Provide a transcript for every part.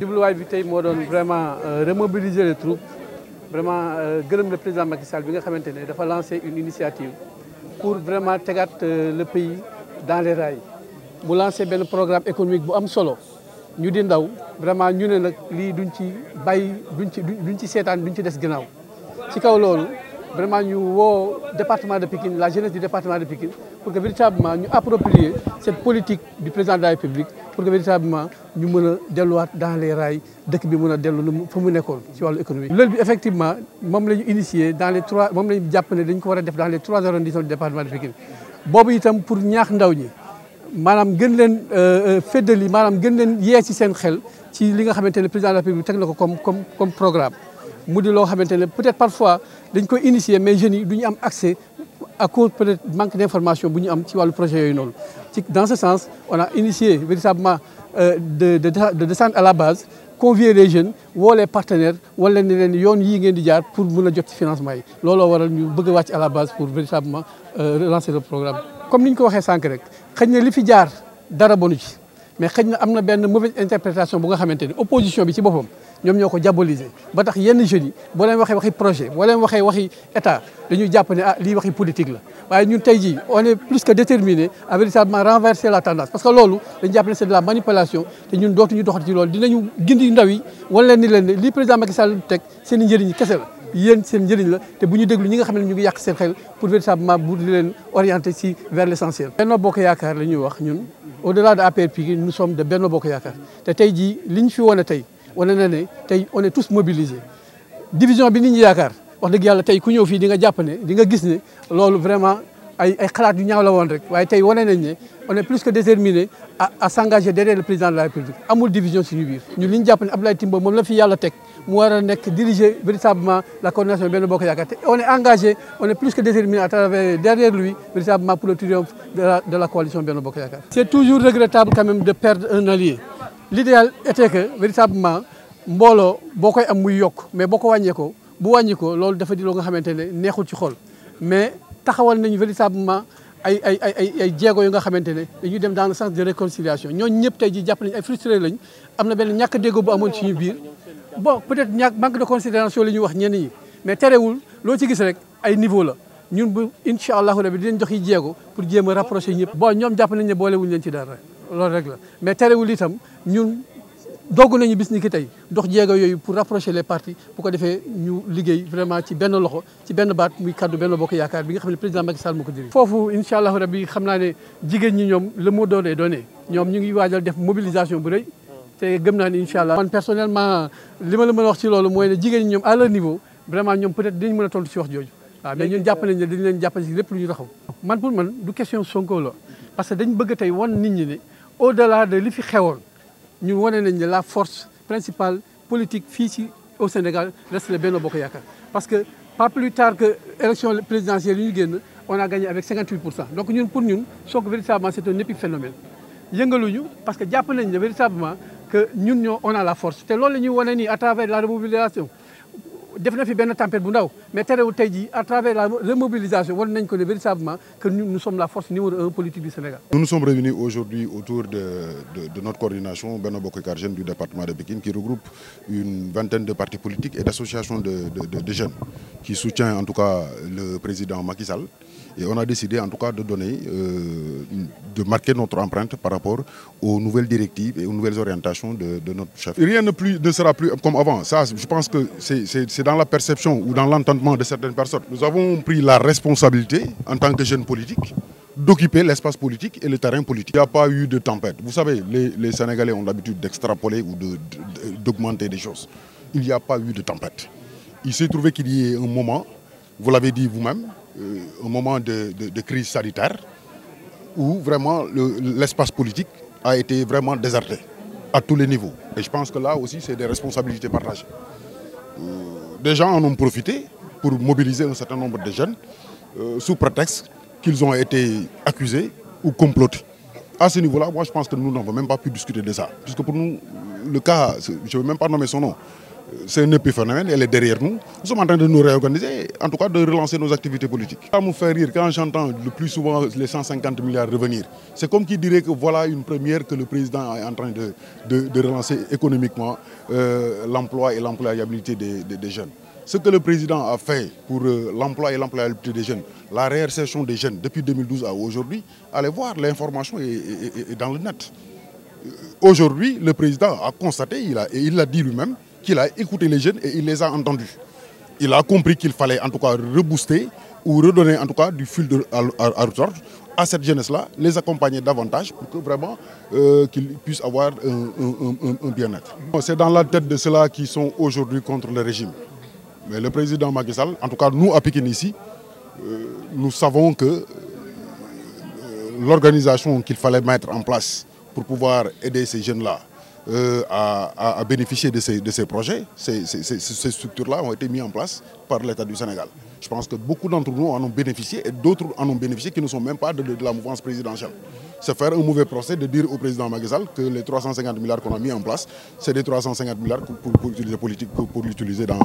jubluwaay bi tey moo doon vraiment euh, remobiliser les troupes vraiment euh, gërëm la président Macky bi nga xamante ne dafa lancé une initiative pour vraiment tegaat euh, le pays dans les rails mu lancé benn programme économique bu am solo ñu di ndaw vraiment ñu ne nag lii duñ ci bay duñ ci duñ ci seetaan duñ ci des gannaaw ci kaw loolu. vraiment ñu woo département de Pikine la jeunesse du département de Pikine pour que véritablement ñu approprier cette politique du président de la République pour que véritablement ñu mën a delluwaat dans les rails dëkk bi mën a dellu nu mu nekkoon ci wàllu économie. loolu bi effectivement moom la ñu initié dans les trois moom la ñu jàpp ne dañ ko war a def dans les trois arrondissements du département de Pikine boobu itam pour ñaax ndaw ñi. maanaam euh, euh, ne président de ko comme comme comme dañ koy initier mais jeunes yi du ñu am accès à cause peut-être manque d'information bu ñu am ci wàllu projet yooyu noonu ci dans ce sens on a initié véritablement euh, de de à la base convier les jeunes woo les partenaires wala ne leen yoon yii ngeen di jaar pour mun a jot ci financement yi looloo waral ñu bëgg a wàcc à la base pour véritablement euh, relancer le programme comme ni ñu ko waxee sànq rek xëy na li fi jaar dara bonu ci mais xëy na am na benn mauvaise interprétation bu nga xamante ne opposition bi ci boppam ñoom ñoo ko diaboliser ba tax yenn jeunes yi boo leen waxee waxi projet boo waxee waxi état dañuy jàpp ne ah lii waxi politique la waaye ñun tey jii on est plus que déterminé à véritablement renverser la tendance parce que loolu dañu jàpp ne c'est de la manipulation te ñun dootuñu doxati ci loolu dinañu gindi ndaw yi leen ni leen ne lii président Macky Sall teg seen i njëriñ yéen seen njëriñ la te bu ñu déglu ñi nga xam ne ñu ngi yàq seen xel pour véritablement bu di leen orienter si vers l' Benno Bokk Yaakaar la ñuy wax ñun au delà de APR Pikine nous sommes de Benno Bokk Yaakaar te tey ji li ñu fi wane tey wane na ne tey on est tous mobilisés division bi nit ñi yaakaar wax dëgg yàlla tey ku ñëw fii di nga jàpp ne di nga gis ne loolu vraiment. ay ay xalaat yu ñaaw la woon rek waaye tey wane nañ ne on est plus que déterminé à s'engager derrière le président de la république amul division suñu biir. ñun li ñu jàpp ne Abdoulaye Timbo moom la fi yàlla teg mu war nekk diriger véritablement la coordination Benno Bokk Yaakaar te on est engagé on est plus que déterminé à travers derrière lui véritablement pour le triomphe de la de la coalition Benno Bokk Yaakaar. c'est toujours regrettable quand même de perdre un l'idéal était que mbooloo boo koy am muy yokk mais boo ko wàññee ko bu loolu dafa di nga xamante ne neexul ci xol taxawal nañu véritablement ay ay ay ay ay jéego yu nga xamante ne ñu dem daan le sens de réconciliation ñooñu ñëpp tey ji jàpp nañu ay frustré lañ am na benn ñàkk déggoo bu amoon suñu biir bon peut-être ñàkk manque de considération li ñuy wax ñenn ñi mais tere wul loo ci gis rek ay niveau la ñun bu incha allahu rabi dinañ jox yi jego pour jéem a rapprocher ñëpp bon ñoom jàpp nañ ne boolewuñ leen ci dara loolu rek la mais terewul itam ñun doog nañu bis ni ki tey dox jéego yooyu pour rapprocher les partis bu ko defee ñu liggéey vraiment ci benn loxo ci benn baat muy kaddu benn bokk yaakaar bi nga xam ne président Macky Sall moo ko dirige foofu incha allahu rabbi xam naa ne jigéen ñi ñoom le mot donné donné ñoom ñu ngi waajal def mobilisation bu rëy te gëm naa ne incha allah man personnellement li ma la a wax ci loolu mooy ne jigéen ñi ñoom à leur niveau vraiment ñoom peut être dinañ mën a tontu si wax jooju waaw mais ñun jàpp nañ ne dañ leen jàppale si li fi xewoon ñun wane nañ ne la force principale politique fii ci au Sénégal reste le Benno Bokk Yaakaar parce que pas plus tard que élection présidentielle yu ñu on a gagné avec 58 pour cent donc ñun pour ñun soo ko véritablement c'est un épiphénomène yëngaluñu parce que jàpp nañ ne véritablement que ñun ñoo on a la force te loolu la ñuy wane ni à travers la remobilisation def na fi benn tempête bu ndaw mais terewul tey jii à travers la remobilisation war nañ ko véritablement que nous sommes la force numéro un politique du Sénégal. Nous nous sommes réunis aujourd'hui autour de notre coordination Benno Bokk Yakaar Jeunes du département de Pikine qui regroupe une vingtaine de partis politiques et d'associations de jeunes qui soutient en tout cas le président Macky Et on a décidé en tout cas de donner euh, de marquer que dans la perception ou dans l'entendement de certaines personnes, nous avons pris la responsabilité, en tant que jeunes politiques, d'occuper l'espace politique et le terrain politique. Il n'y a pas eu de tempête. Vous savez, les, les Sénégalais ont l'habitude d'extrapoler ou d'augmenter de, de, des choses. Il n'y a pas eu de tempête. Il s'est trouvé qu'il y ait un moment, vous l'avez dit vous-même, euh, de, de, crise sanitaire, où vraiment l'espace le, politique a été vraiment déserté à tous les niveaux. Et je pense que là aussi, c'est des responsabilités partagées. Euh, des gens en ont profité pour mobiliser un certain nombre de jeunes euh, sous prétexte qu'ils ont été accusés ou complotés. À ce niveau-là, moi je pense que nous n'avons même pas pu discuter de ça. Puisque pour nous, le cas, je ne vais même pas nommer son nom, c'est un épiphénomène, elle est derrière nous. Nous sommes en train de nous réorganiser, en tout cas de relancer nos activités politiques. Ça me fait rire quand j'entends le plus souvent les 150 milliards revenir. C'est comme qui dirait que voilà une première que le président est en train de, de, de relancer économiquement euh, l'emploi et l'employabilité des, des, des jeunes ce que le président a fait pour euh, l'emploi et l'employabilité des jeunes, des jeunes depuis 2012 aujourd'hui, allez voir, l'information est, dans le net. Euh, aujourd'hui, qu'il a écouté les jeunes et il les a entendus. Il a compris qu'il fallait en tout cas rebooster ou redonner en tout cas du fil de, à, à, à, à cette jeunesse-là, les accompagner davantage pour que vraiment euh, qu'ils puissent avoir un, un, un, un bien-être. C'est dans la tête de ceux-là qui sont aujourd'hui contre le régime. Mais le président Macky Sall, en tout cas nous à Pékin ici, euh, nous savons que euh, l'organisation qu'il fallait mettre en place pour pouvoir aider ces jeunes-là, euh, à, à, bénéficier de ces, de ces projets. Ces, ces, ces structures-là ont été mises en place par l'État du Sénégal. Je pense que beaucoup d'entre nous en ont et d'autres en ont bénéficié qui ne sont même pas de, la mouvance présidentielle. C'est faire un mauvais procès de dire au président Macky que les milliards qu'on a politique, pour, l'utiliser dans,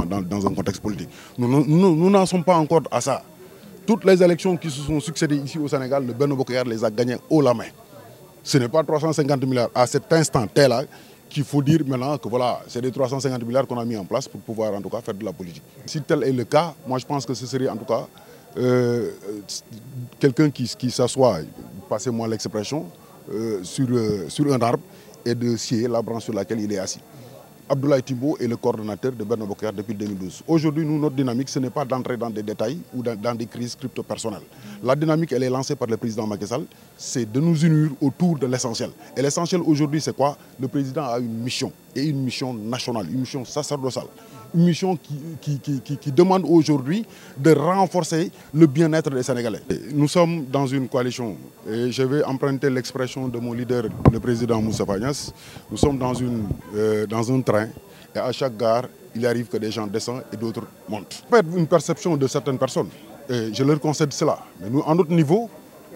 un contexte politique. Nous n'en sommes pas encore à ça. Toutes qui se sont succédées ici au Sénégal, le qu'il faut dire maintenant que voilà, c'est les 350 milliards qu'on a mis en place pour pouvoir en tout cas faire de la politique. Si tel est le cas, moi je pense que ce serait en tout cas euh, euh quelqu'un qui, qui s'assoit, passez-moi l'expression, euh, sur, euh, sur un arbre et de scier la branche sur laquelle il est assis. Abdoulaye Timbo est le coordonnateur de Berno Bokar depuis 2012. Aujourd'hui, nous, notre dynamique, ce n'est pas d'entrer dans des détails ou dans, dans des crises crypto-personnelles. La dynamique, est lancée par le président Macky c'est de nous unir autour de l'essentiel. Et l'essentiel aujourd'hui, c'est quoi Le président a une mission, et une mission nationale, mission qui, qui, qui, qui demande aujourd'hui de renforcer le bien-être des Sénégalais. Nous sommes dans une coalition et je vais emprunter l'expression de mon leader, le président Moussa Fagnas. Nous sommes dans, une, euh, dans un train et à chaque gare, il arrive que des gens descendent et d'autres montent. Ça peut être une perception de certaines personnes et je leur concède cela. Mais nous, à notre niveau,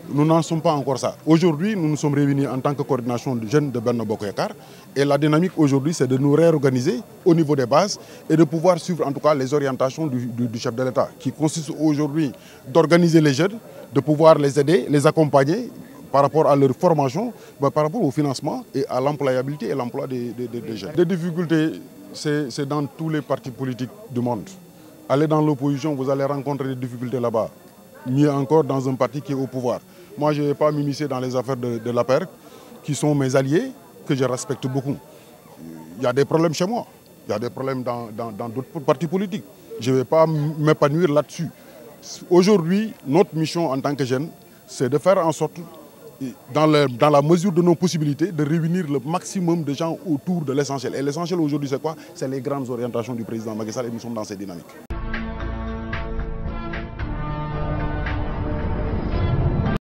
nous n'en sommes pas encore ça. Aujourd'hui, nous nous sommes réunis en tant que coordination de jeunes de Benno Bokoyakar et la dynamique aujourd'hui, c'est de nous réorganiser au niveau des bases et de pouvoir suivre en tout cas les orientations du, chef de l'État qui consiste aujourd'hui d'organiser les jeunes, de pouvoir les aider, les accompagner par rapport à leur formation, par rapport au financement et à l'employabilité et l'emploi des, des, des, des jeunes. Les difficultés, c'est dans tous les mieux encore dans un parti qui est au pouvoir. Moi, je ne vais pas m'immiscer dans les affaires de, de la PERC, qui sont mes alliés, que je respecte beaucoup. Il y a des problèmes chez moi, il y a des problèmes dans d'autres partis politiques. Je ne vais pas m'épanouir là-dessus. Aujourd'hui, notre mission en tant que jeunes, c'est de faire en sorte, dans, la mesure de nos possibilités, de réunir le maximum de gens autour de l'essentiel. Et l'essentiel aujourd'hui, c'est